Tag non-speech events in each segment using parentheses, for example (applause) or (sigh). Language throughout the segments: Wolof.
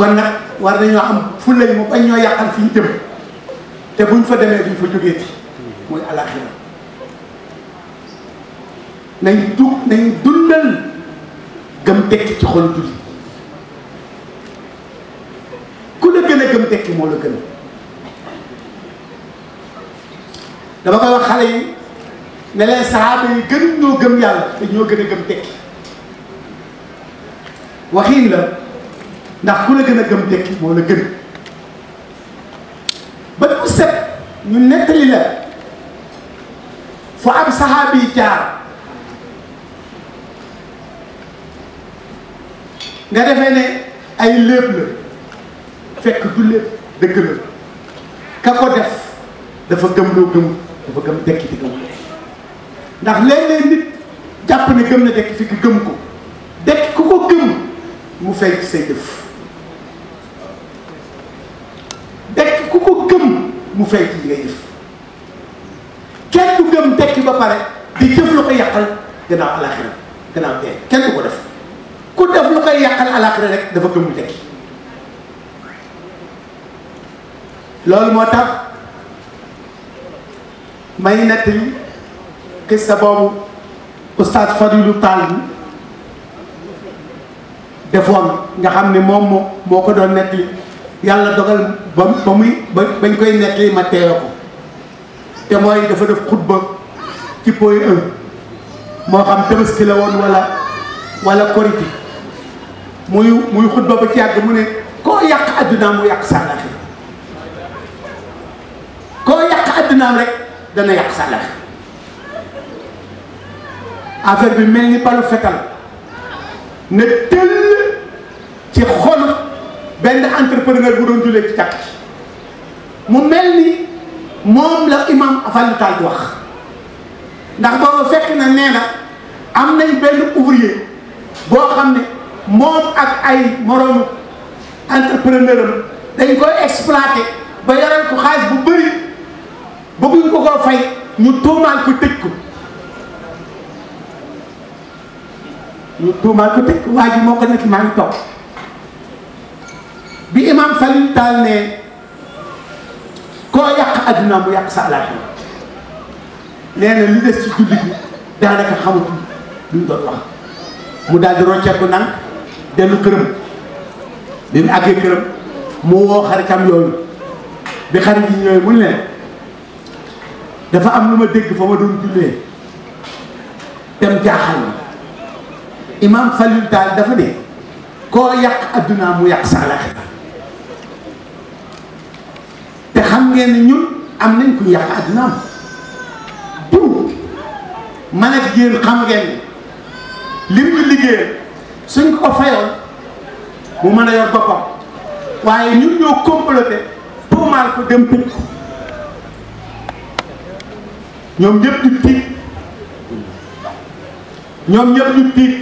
kon nag war nañoo am fulla moom mu ñoo yàqal fi ñu jëm te buñ fa demee duñ fa jógeeti muy alaxira nañ du nañ dundal gëm tekki ci xol julli ku la gën a gëm tekki moo la gën dama koy wax xale yi ne leen saxaaba yi gën ñoo gëm yàlla te ñoo gën a gëm tekki waxiin la ndax ku la gën a gëm dekki moo la gën ba mu set ñu nettali la fa am saxaabi jaar nga defe ne ay léeb la fekk du léeb dëgg la ka ko def dafa gëm loo gëm dafa gëm dekki di gëm ndax léeg nit jàpp ne gëm na dekki fi gëm ko dekki ku ko gëm mu fay say def mu fekk ci ngay jëf kenn du gëm tekki ba pare di jëf lu ko yàqal gannaaw alaxira gannaaw dee kenn du ko def ku def lu koy yàqal alaxira rek dafa gëmul tekki loolu moo tax may nettali xissa boobu oustaz Fadilou taal bi defoon nga xam ni moom moo ko doon nettali yàlla dogal ba ba muy ba bañ koy nettali ma teewe ko te mooy dafa def xutba ci point moo xam tabaski la woon wala wala koriti muy muy xutba ba ci yàgg mu ne koo yàq àdduna mu yàq sàllaxi koo yàq àddunaam rek dana yàq sàllaxi affaire bi mel ni balu fetal ne tëll ci xol benn entrepreneur bu doon jullee ci càkk mu mel ni moom la imam Fallou Tall di wax ndax booba fekk na nee na am nañ benn ouvrier boo xam ne moom ak ay moroomu entrepreneur am dañ koy exploité ba yoral ko xaalis bu bëri bëgguñ ko koo fay ñu tuumaal ko tëj ñu tuumaal ko tëj ko moo ko nekk maa ngi toog bi imam Salim ne koo yàq adduna mu yàq sa alaxi nee na li des ci julli bi daanaka xamatu luñ doon wax mu daal di rocceeku nang dellu këram bi mu àggee këram mu woo xaritam yooyu bi xarit yi ñooyu mun leen dafa am lu ma dégg fa ma doon jullee dem jaaxal ma imam Salim dafa ne koo yàq adduna mu yàq sa alaxi xam ngeen ne ñun am nañ ku yàq àddina am tout man ak yéen xam ngeen ne lim ñu liggéeyal suñ ko fayoon mu mën a yor boppam waaye ñun ñoo comploté pour mal ko dem tëj ñoom ñëpp ñu tiit ñoom ñëpp ñu tiit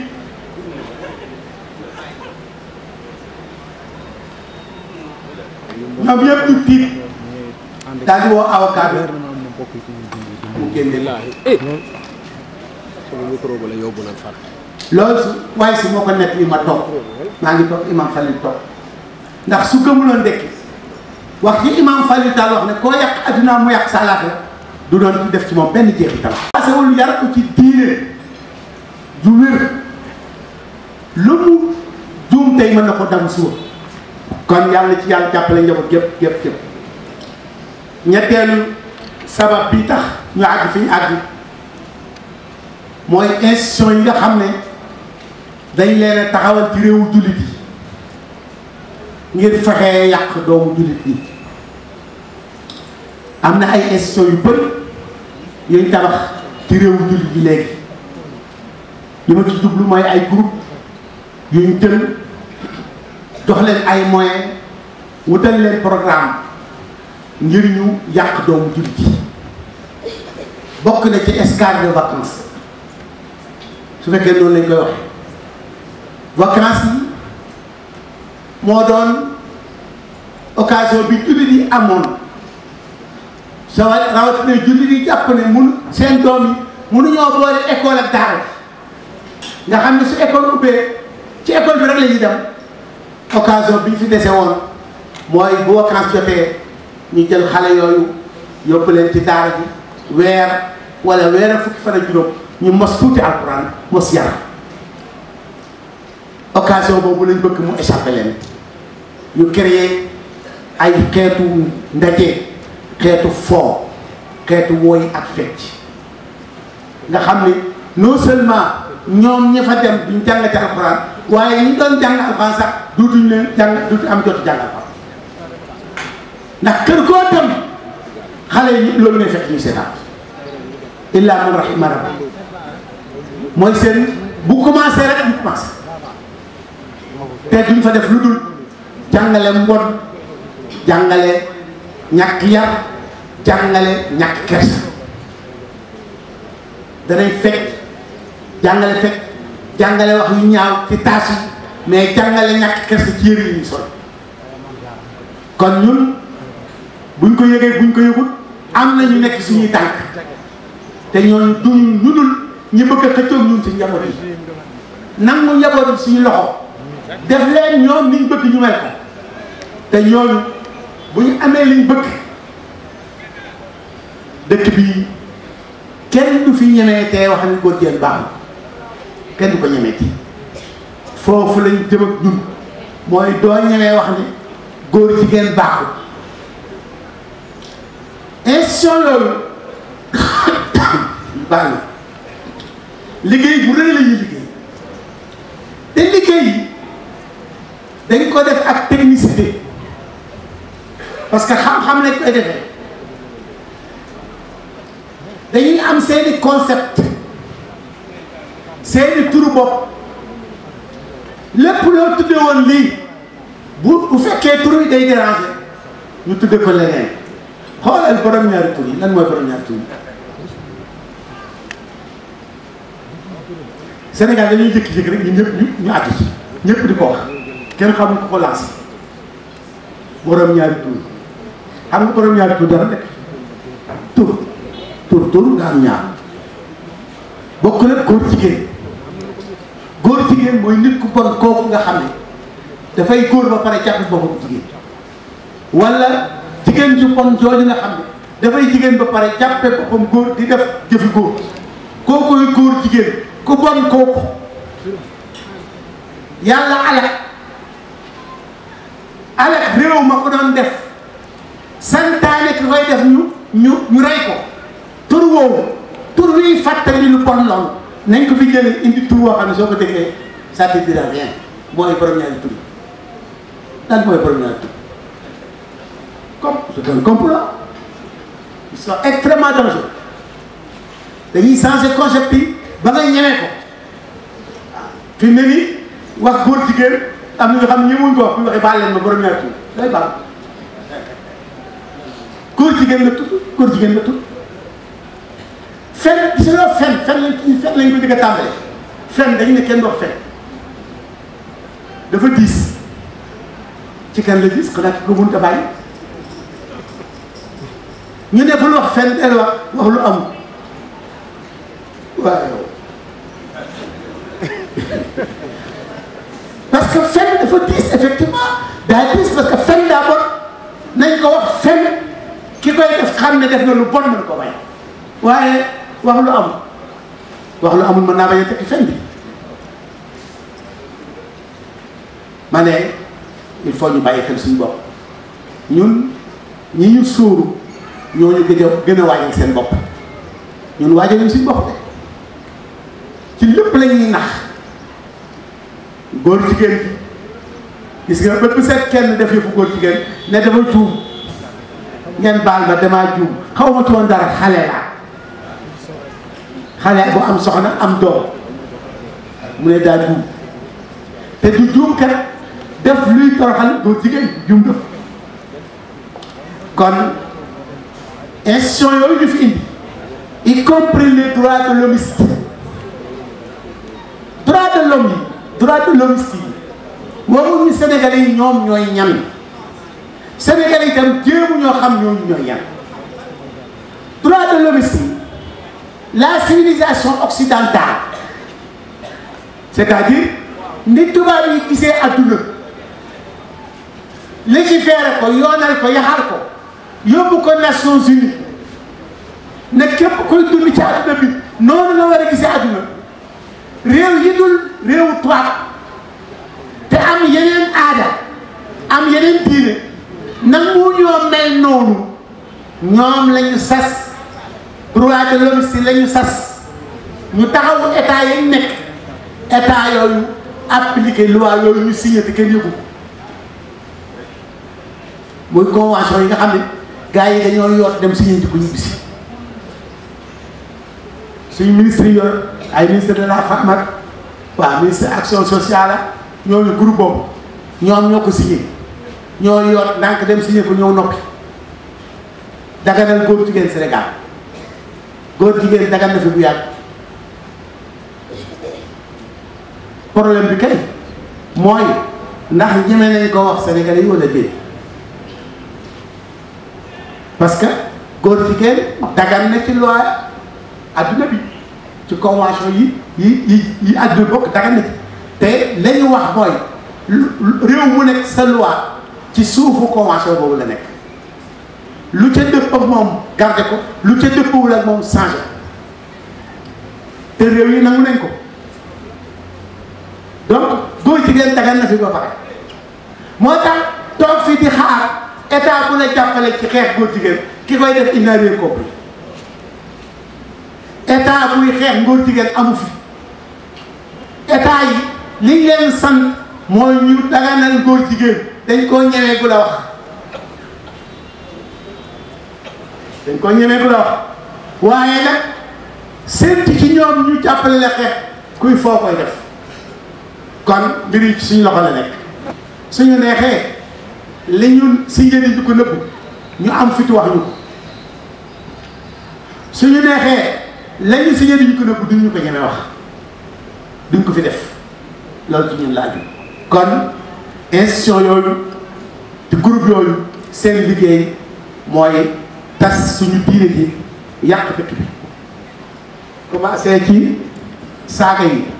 ñoom ñëpp ñu tiit daal di woo avocat eh. loolu su waaye si moo ko nekk li ma toog maa ngi toog imam Falil toog ndax su gëmuloon dëkk wax yi imam Falil Tall wax ne koo yàq addunaa mu yàq salaate du doon def ci moom benn jeexital asewul yar ko ci diine ju wér lu mu juum tey mën na ko dam suba kon yàlla ci yàlla jàppale njaboot gépp gépp ñetteelu sabab bi tax ñu àgg fi ñu àgg mooy institution yi nga xam ne dañ leen a taxawal ci réewu jullit yi ngir fexee yàq doomu jullit yi am na ay institution yu bëri yuñ tabax ci réewu jullit yi léegi li ma ci jublu mooy ay groupe yuñ jël jox leen ay moyens wutal leen programme ngir ñu yàq doomu jullit yi bokk na ci escale de vacances su fekkee noonu lañ koy waxe vacances yi moo doon occasion bi jullit yi amoon sa rawatina jullit yi jàpp ne mun seen doom yi mënuñoo boole école ak daara nga xam ne su école ubbee ci école bi rek la dem occasion bi ñu dese woon mooy bu vacances jotee ñu jël xale yooyu yóbbu leen ci daara ji weer wala weer ak fukki fan ak juróom ñu mos tuuti alquran mos yar occasion boobu lañ bëgg mu échappé leen ñu créer ay xeetu ndaje xeetu foo xeetu wooy ak fecc nga xam ni non seulement ñoom ña fa dem duñ jàng ci alquran waaye ñu doon jàng alquran sax duutuñ leen jàng duutu am jot jàng ndax kër koo dem xale yi loolu ngay fekk ñu seetaan illaa man rahima rabbi mooy seen bu commencé rek ñu commencé te duñ fa def lu dul jàngale mbon jàngale ñàkk yar jàngale ñàkk kers danay fekk jàngale fekk jàngale wax yu ñaaw ci taas mais jàngale ñàkk kers ci yëri yi ñu sol kon ñun buñ ko yëgee buñ ko yëgut am na ñu nekk suñuy tànk te ñooñu duñ lu dul ñu bëgg a xëccoog ñun suñu njaboot yi nangu njaboot yi suñu loxo def leen ñoom liñ bëgg ñu mel ko te ñooñu bu ñu amee liñ bëgg dëkk bi kenn du fi ñemee te wax ni góor jigéen baaxul kenn du ko ñemee ci foofu lañ jëm ak mooy doo ñemee wax ni góor jigéen baaxul gestion loolu (coughs) baax na liggéey bu rëy la ñuy liggéey te liggéey ko def ak technicité parce que xam-xam lañ koy defee dañuy am seeni concept seeni turu bopp lépp loo tudde woon lii bu bu fekkee turu yi day déranger ñu tudde ko xoolal borom ñaari tur yi lan mooy borom ñaari tur yi Sénégal dañuy jékki-jékki rek ñu ñëpp ñu ñu ko wax kenn xamul ku ko lancé borom ñaari tur xam nga borom ñaari tur dara nekk góor jigéen góor mooy nit ku bon kooku nga xam ne dafay góor ba pare jàpp boppam jigéen wala. jigéen ju kon jooju nga xam ne dafay jigéen ba pare jàppe boppam góor di def jëfi góor kookoy góor jigéen ku bon kooku yàlla alak alak réew ma ko doon def santaane ki koy def ñu ñu ñu rey ko tur woowu tur wiy fàttali lu bon loolu nañ ko fi jëlee indi tur woo xam ne soo ko déggee ça te dira rien mooy première tur lan mooy première tur c'est un la ils sont extrêmement dangereux dañuy changer concept yi ba nga ñemee ko fi mu ne nii wax góor jigéen am na ñoo xam ne ñi muñ ko wax bu ñu waxee baal leen ma borom ñaar tuuti day baal góor jigéen jigéen la tudd fen gis nga fen fen fen lañ ko digg a tàmbale fen dañu ne kenn du wax fen dafa diis ci kan la gis xanaa ko mënut a bàyyi ñu ne bul wax fen del wax lu am waaw (laughs) parce que fen dafa diis effectivement daa diis parce que fen daa bon nañ ko wax fen ki koy def xam ne def na lu bon nañ ko may waaye wax lu am wax lu amul mën naa bañ fen bi ma ne il faut ñu bàyyi xel suñu bopp ñun ñu sóoru ñooñu gën a gën a waajal seen bopp ñun waajaluñ suñ bopp de ci lépp la nax góor jigéen gis nga bët bu set kenn def yëfu góor jigéen ne dama juum ngeen baal ma damaa juum xaw ma toon dara xale laa xale bu am soxna am doom mu ne daa juum te du juum kat def luy toroxal góor jigéen juum def kon institution yooyu ñu fi indi y compris les droits de l'homiste droits de l'homme yi droits de l'homiste yi waruñu sénégalais yi ñoom ñooy ñan sénégalais yi tam jéemu ñoo xam ñooñu ñooy ñan droits de l'homiste yi c'est-à-dire ni tubaab yi gisee adduna légiférer ko yoonal ko yaxal ko yóbbu ko Nations Unies ne képp koy dund ci àdduna bi noonu la war a gisee àdduna réew yi dul réewu tubaab te am yeneen aada am yeneen diine nangu ñoo mel noonu ñoom la ñu sas droit de l'homme si lañu sas ñu taxawu état yi nekk état yooyu lu loi yooyu si signé te kenn yëgu muy convention yi nga xam ne gars yi dañoo yoot dem signé di ko ñu bisi suñu ministre yor ay ministre de la femme ak waa ministre action sociale ak ñooñu groupe boobu ñoom ñoo ko signé ñoo yor ndànk dem signé ko ñëw noppi daganal góor jigéen Sénégal góor jigéen dagan fi bu yàgg problème bi kay mooy parce que góor jigéen dagan na ci loi adduna bi ci convention yi yi yi yi àdduna bokk dara nit te la ñu wax mooy réew mu nekk sa loi ci suufu convention boobu la nekk lu ca dëpp ak moom garde ko lu ca dëppawul ak moom changé te réew yi nangu nañ ko donc góor jigéen dagan na fi ba pare moo tax toog fi di xaar état bu la jàppale ci xeex góor jigéen ki koy def il n'a rien état buy xeex ngóor jigéen amu fi état yi liñ leen sant mooy ñu daganal ngóor jigéen dañ koo ñemee gu la wax dañ koo ñemee gu la wax waaye nag seenti ci ñoom ñu jàppale la xeex kuy foo koy def kon mbir yi suñu loxo la nekk suñu neexee li ñun si njëriñ di ko nëbbu ñu am fitu wax ñu ko suñu neexee lañu si yéen ñu ko nëbb duñu ko ñeme wax duñ ko fi def loolu ci ñun la kon institution yooyu te groupe yooyu seen liggéey mooy tas suñu diine yi yàq dëkk bi commencé ci saaga yi